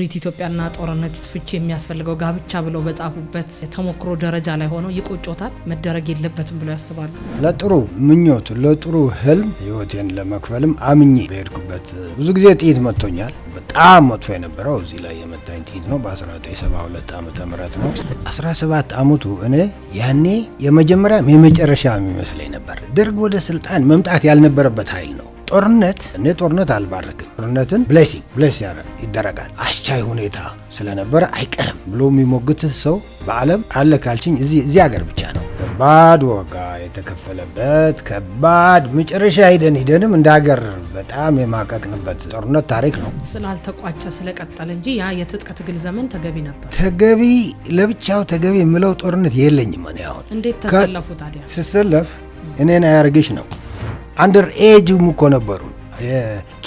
ሪት ኢትዮጵያና ጦርነት ፍቺ የሚያስፈልገው ጋብቻ ብለው በጻፉበት ተሞክሮ ደረጃ ላይ ሆነው ይቆጮታል። መደረግ የለበትም ብለው ያስባሉ። ለጥሩ ምኞት፣ ለጥሩ ህልም ህይወቴን ለመክፈልም አምኜ በሄድኩበት ብዙ ጊዜ ጥይት መጥቶኛል። በጣም መጥፎ የነበረው እዚህ ላይ የመታኝ ጥይት ነው። በ1972 ዓመተ ምህረት ነው። 17 ዓመቱ እኔ ያኔ የመጀመሪያም የመጨረሻ የሚመስለኝ ነበር። ደርግ ወደ ስልጣን መምጣት ያልነበረበት ኃይል ነው። ጦርነት እኔ ጦርነት አልባረክም። ጦርነትን ብሌሲንግ ብሌስ ይደረጋል። አስቻይ ሁኔታ ስለነበረ አይቀርም ብሎ የሚሞግት ሰው በዓለም አለ ካልችኝ እዚህ ሀገር ብቻ ነው። ከባድ ዋጋ የተከፈለበት ከባድ መጨረሻ ሂደን ሂደንም እንደ ሀገር በጣም የማቀቅንበት ጦርነት ታሪክ ነው። ስላልተቋጨ ስለቀጠለ እንጂ ያ የትጥቅ ትግል ዘመን ተገቢ ነበር። ተገቢ ለብቻው ተገቢ የምለው ጦርነት የለኝም። እኔ አሁን እንዴት ተሰለፉ ታዲያ? ስሰለፍ እኔን አያርግሽ ነው አንደር ኤጅም እኮ ነበሩ።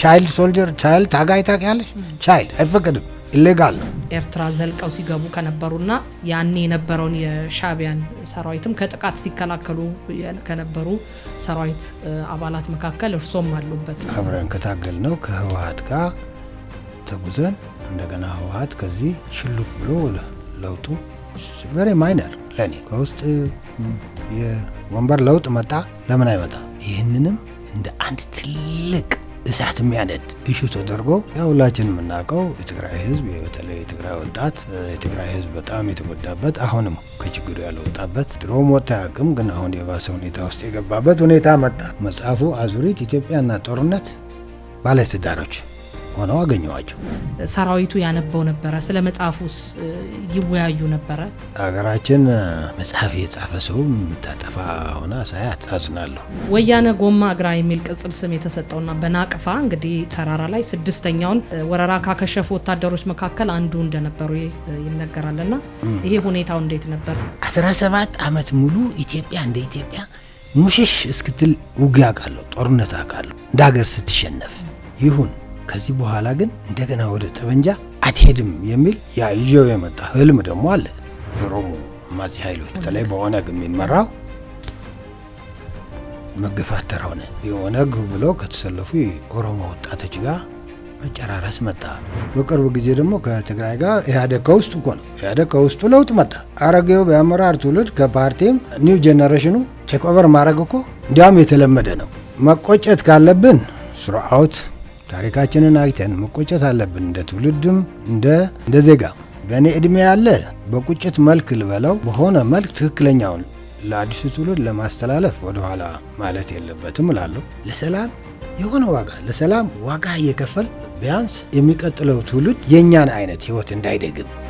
ቻይልድ ሶልጀር ቻይልድ ታጋይ ታውቂያለሽ? ቻይልድ አይፈቅድም፣ ኢሌጋል ነው። ኤርትራ ዘልቀው ሲገቡ ከነበሩና ያኔ የነበረውን የሻቢያን ሰራዊትም ከጥቃት ሲከላከሉ ከነበሩ ሰራዊት አባላት መካከል እርሶም አሉበት። አብረን ከታገል ነው ከህወሀት ጋር ተጉዘን እንደገና ህወሀት ከዚህ ሽሉክ ብሎ ለውጡ ቨሪ ማይነር ለእኔ ከውስጥ የወንበር ለውጥ መጣ ለምን አይመጣም? ይህንንም እንደ አንድ ትልቅ እሳት የሚያነድ እሹ ተደርጎ ሁላችን የምናውቀው የትግራይ ህዝብ በተለይ የትግራይ ወጣት የትግራይ ህዝብ በጣም የተጎዳበት አሁንም ከችግሩ ያልወጣበት ድሮም ወጥቶ አያውቅም፣ ግን አሁን የባሰ ሁኔታ ውስጥ የገባበት ሁኔታ መጣ። መጽሐፉ አዙሪት ኢትዮጵያና ጦርነት ባለትዳሮች ሆነው አገኘዋቸው። ሰራዊቱ ያነበው ነበረ። ስለ መጽሐፉስ ይወያዩ ነበረ። ሀገራችን መጽሐፍ የጻፈ ሰው ታጠፋ ሆና ሳይ አታዝናለሁ። ወያነ ጎማ እግራ የሚል ቅጽል ስም የተሰጠውና በናቅፋ እንግዲህ ተራራ ላይ ስድስተኛውን ወረራ ካከሸፉ ወታደሮች መካከል አንዱ እንደነበሩ ይነገራልና ይሄ ሁኔታው እንዴት ነበር? 17 ዓመት ሙሉ ኢትዮጵያ እንደ ኢትዮጵያ ሙሽሽ እስክትል ውጊያ አውቃለሁ፣ ጦርነት አውቃለሁ፣ እንደ ሀገር ስትሸነፍ ይሁን ከዚህ በኋላ ግን እንደገና ወደ ጠመንጃ አትሄድም የሚል ያ ይዤው የመጣ ህልም ደግሞ አለ። የኦሮሞ አማጺ ኃይሎች በተለይ በኦነግ የሚመራው መገፋት ሆነ። የኦነግ ብሎ ከተሰለፉ የኦሮሞ ወጣቶች ጋር መጨራረስ መጣ። በቅርብ ጊዜ ደግሞ ከትግራይ ጋር ኢህአዴግ ከውስጡ እኮ ነው። ኢህአዴግ ከውስጡ ለውጥ መጣ። አረጌው በአመራር ትውልድ ከፓርቲም ኒው ጄኔሬሽኑ ቴክ ማድረግ እኮ እንዲያውም የተለመደ ነው። መቆጨት ካለብን ስርዓት ታሪካችንን አይተን መቆጨት አለብን። እንደ ትውልድም እንደ እንደ ዜጋ በእኔ እድሜ ያለ በቁጭት መልክ ልበለው በሆነ መልክ ትክክለኛውን ለአዲሱ ትውልድ ለማስተላለፍ ወደኋላ ማለት የለበትም እላለሁ። ለሰላም የሆነ ዋጋ ለሰላም ዋጋ እየከፈል ቢያንስ የሚቀጥለው ትውልድ የእኛን አይነት ህይወት እንዳይደግም